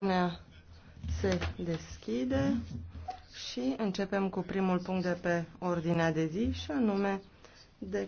Pagina se deschide și începem cu primul punct de pe ordinea de zi și anume de